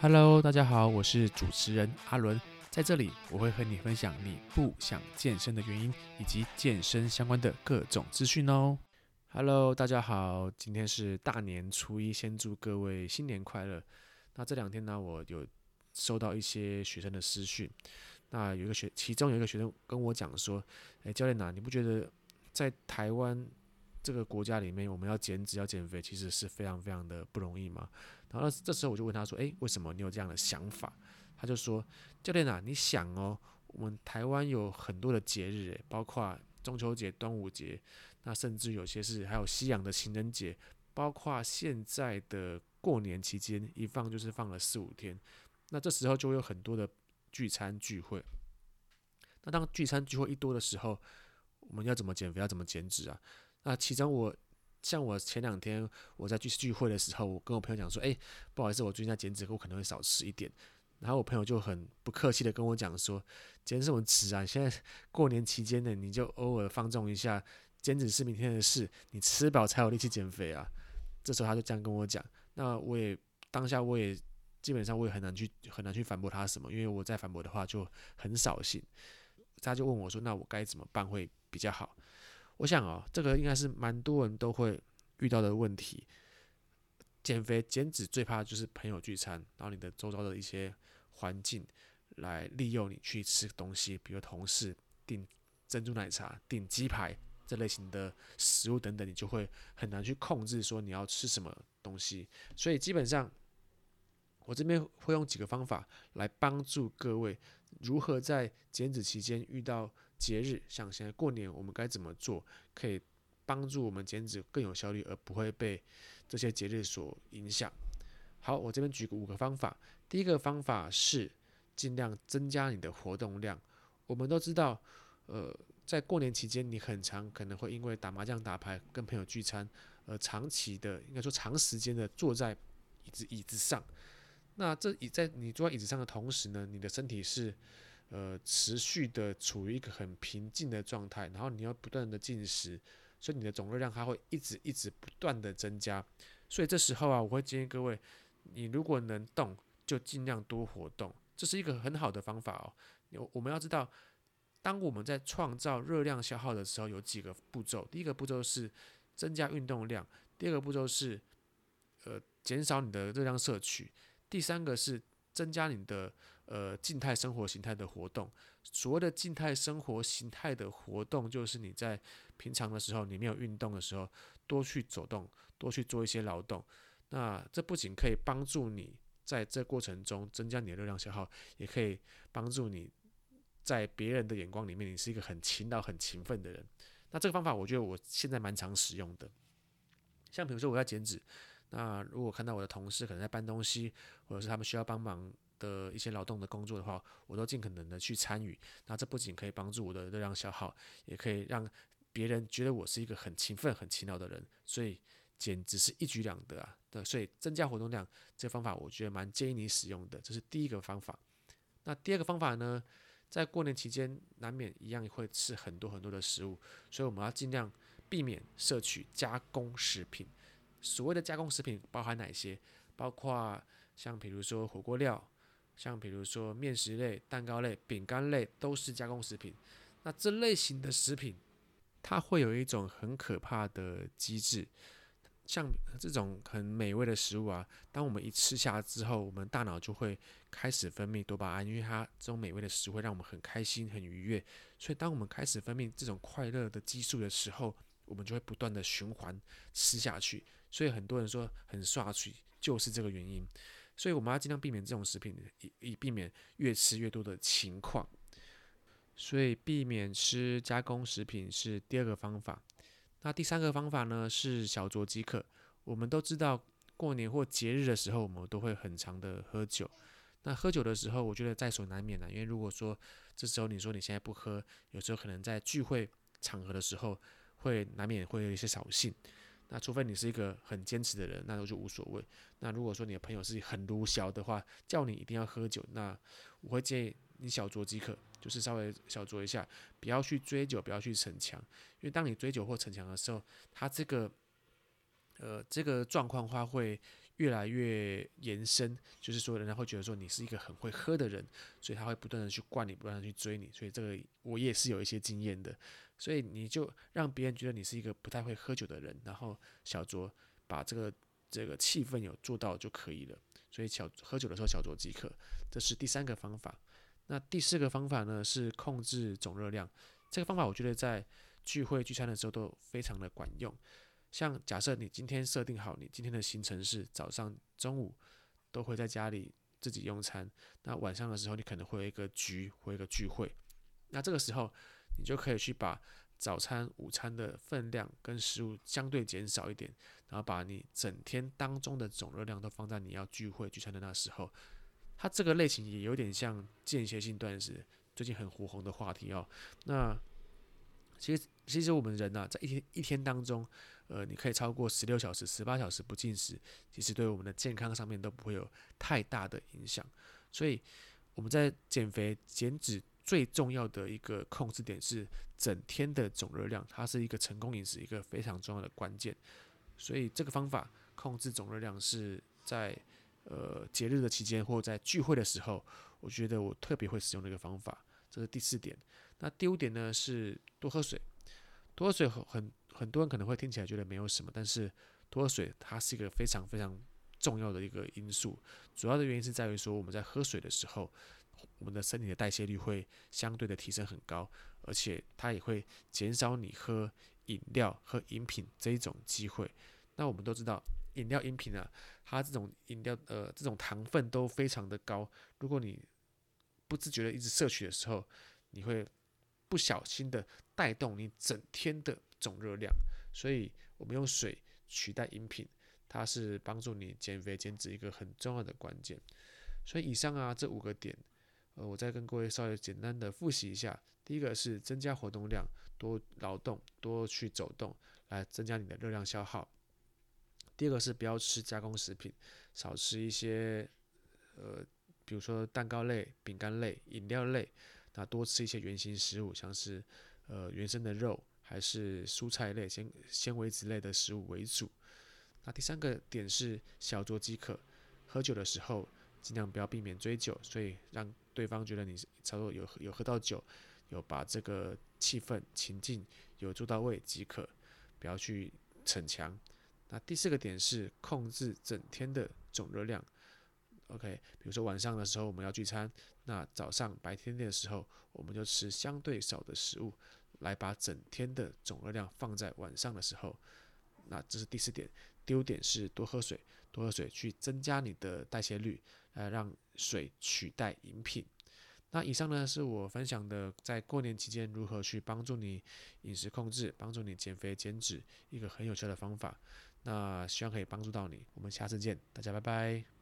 Hello，大家好，我是主持人阿倫，在這裡我會和你分享你不想健身的原因，以及健身相關的各種資訊哦。Hello，大家好，今天是大年初一，先祝各位新年快樂。那這兩天呢，我有收到一些學生的私訊，那有一個學，其中有一個學生跟我講說，哎，教練吶、啊，你不覺得在台灣這個國家裡面，我們要減脂要減肥，其實是非常非常的不容易嗎？然後這時候我就問他說：“誒，為什麼你有這樣的想法？”他就說：“教練啊，你想哦，我們台灣有很多的節日，包括中秋節、端午節，那甚至有些是還有西洋的情人節，包括現在的過年期間一放就是放了四五天，那這時候就會有很多的聚餐聚會。那當聚餐聚會一多的時候，我們要怎麼減肥？要怎麼減脂啊？那其中我……”像我前兩天我在聚聚會的時候，我跟我朋友講說，哎、欸，不好意思，我最近在減脂，我可能會少吃一點。然後我朋友就很不客氣的跟我講說，減什麼脂啊？現在過年期間呢，你就偶爾放縱一下，減脂是明天的事，你吃飽才有力氣減肥啊。這時候他就這樣跟我講，那我也當下我也基本上我也很難去很難去反駁他什麼，因為我在反駁的話就很掃興。他就問我說，那我該怎麼辦會比較好？我想啊、哦，這個應該是蠻多人都會遇到的問題。減肥減脂最怕就是朋友聚餐，然後你的周遭的一些環境來利用你去吃東西，比如同事訂珍珠奶茶、訂雞排這類型的食物等等，你就會很難去控制說你要吃什麼東西。所以基本上，我這邊會用幾個方法來幫助各位。如何在減脂期間遇到節日，像現在過年，我們該怎麼做，可以幫助我們減脂更有效率，而不會被這些節日所影響？好，我這邊舉個五個方法。第一個方法是盡量增加你的活動量。我們都知道，呃，在過年期間，你很常可能會因為打麻將、打牌、跟朋友聚餐，而長期的，應該說長時間的坐在椅子椅子上。那這椅在你坐在椅子上的同時呢，你的身體是呃持續的處於一個很平靜的狀態，然後你要不斷的進食，所以你的總熱量它會一直一直不斷的增加。所以這時候啊，我會建議各位，你如果能動，就儘量多活動，這是一個很好的方法哦。我我們要知道，當我們在創造熱量消耗的時候，有幾個步驟。第一個步驟是增加運動量，第二個步驟是呃減少你的熱量攝取。第三個是增加你的呃靜態生活形態的活動。所謂的靜態生活形態的活動，就是你在平常的時候，你沒有運動的時候，多去走動，多去做一些勞動。那這不僅可以幫助你在這過程中增加你的熱量消耗，也可以幫助你在別人的眼光裡面，你是一個很勤勞、很勤奮的人。那這個方法，我覺得我現在蠻常使用的。像比如說，我要減脂。那如果看到我的同事可能在搬東西，或者是他們需要幫忙的一些勞動的工作的話，我都盡可能的去參與。那這不僅可以幫助我的熱量消耗，也可以讓別人覺得我是一個很勤奮、很勤勞的人，所以簡直是一舉兩得啊！對，所以增加活動量這個方法，我覺得蠻建議你使用的，這是第一個方法。那第二個方法呢，在過年期間難免一樣會吃很多很多的食物，所以我們要盡量避免攝取加工食品。所謂的加工食品包含哪些？包括像比如說火鍋料，像比如說麵食類、蛋糕類、餅乾類都是加工食品。那這類型的食品，它會有一種很可怕的機制。像這種很美味的食物啊，當我們一吃下之後，我們大腦就會開始分泌多巴胺，因為它這種美味的食物會讓我們很開心、很愉悅。所以當我們開始分泌這種快樂的激素的時候，我們就會不斷的循環吃下去，所以很多人說很涮嘴就是這個原因，所以我們要儘量避免這種食品，以以避免越吃越多的情況。所以避免吃加工食品是第二個方法。那第三個方法呢，是小酌即可。我們都知道過年或節日的時候，我們都會很常地喝酒。那喝酒的時候，我覺得在所難免的，啊，因為如果說這時候你說你現在不喝，有時候可能在聚會場合的時候。會難免會有一些掃興，那除非你是一個很堅持的人，那都就無所謂。那如果說你的朋友是很儒小的話，叫你一定要喝酒，那我會建議你小酌即可，就是稍微小酌一下，不要去追酒，不要去逞強。因為當你追酒或逞強的時候，他這個呃這個狀況的話會越來越延伸，就是說人家會覺得說你是一個很會喝的人，所以他會不斷的去灌你，不斷的去追你。所以這個我也是有一些經驗的。所以你就讓別人覺得你是一個不太會喝酒的人，然後小酌，把這個這個氣氛有做到就可以了。所以小喝酒的時候小酌即可，這是第三個方法。那第四個方法呢，是控制總熱量，這個方法我覺得在聚會聚餐的時候都非常的管用。像假設你今天設定好你今天的行程是早上、中午都會在家裡自己用餐，那晚上的時候你可能會有一個局或一個聚會，那這個時候。你就可以去把早餐、午餐的分量跟食物相對減少一點，然後把你整天當中的總熱量都放在你要聚會聚餐的那時候。它這個類型也有點像間歇性斷食，最近很火紅的話題哦。那其實，其實我們人啊，在一天一天當中，呃，你可以超過十六小時、十八小時不進食，其實對我們的健康上面都不會有太大的影響。所以我們在減肥、減脂。最重要的一個控制點是整天的總熱量，它是一個成功飲食一個非常重要的關鍵。所以這個方法控制總熱量是在呃節日的期間或在聚會的時候，我覺得我特別會使用的一個方法。這是第四點。那第五點呢，是多喝水。多喝水很很多人可能會聽起來覺得沒有什麼，但是多喝水它是一個非常非常。重要的一個因素，主要的原因是在於說，我們在喝水的時候，我們的身體的代謝率會相對的提升很高，而且它也會減少你喝飲料、喝飲品這一種機會。那我們都知道，飲料、飲品啊，它這種飲料呃，這種糖分都非常的高。如果你不自覺的一直攝取的時候，你會不小心的帶動你整天的總熱量。所以，我們用水取代飲品。它是幫助你減肥減脂一個很重要的關鍵，所以以上啊這五個點，呃，我再跟各位稍微簡單的複習一下。第一個是增加活動量，多勞動，多去走動，來增加你的熱量消耗。第二個是不要吃加工食品，少吃一些，呃，比如說蛋糕類、餅乾類、飲料類，那多吃一些原型食物，像是呃原生的肉，還是蔬菜類纖纖維之類的食物為主。那第三個點是小酌即可，喝酒的時候盡量不要避免追酒，所以讓對方覺得你差不多有有喝到酒，有把這個氣氛情境有做到位即可，不要去逞強。那第四個點是控制整天的總熱量。OK，比如說晚上的時候我們要聚餐，那早上白天的時候我們就吃相對少的食物，來把整天的總熱量放在晚上的時候。那這是第四點。優點是多喝水，多喝水去增加你的代謝率，呃，讓水取代飲品。那以上呢是我分享的在過年期間如何去幫助你飲食控制，幫助你減肥減脂一個很有效的方法。那希望可以幫助到你，我們下次見，大家拜拜。